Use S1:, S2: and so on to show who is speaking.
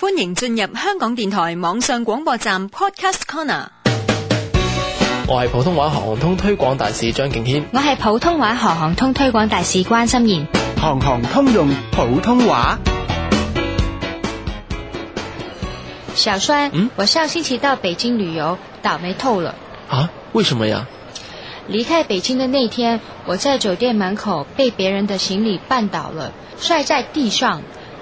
S1: 歡迎進入香港電台網上廣播站 Podcast Corner。
S2: 我係普通話行行通推廣大使張敬軒，
S1: 我係普通話行行通推廣大使關心妍。
S2: 行行通用普通話。
S1: 小衰山，嗯，我上星期到北京旅遊，倒霉透了。
S3: 啊，為什麼呀？
S1: 離開北京的那天，我在酒店門口被別人的行李絆倒了，摔在地上。